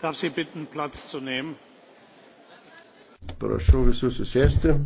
darf sie bitten platz zu nehmen. prašau visų susėsti.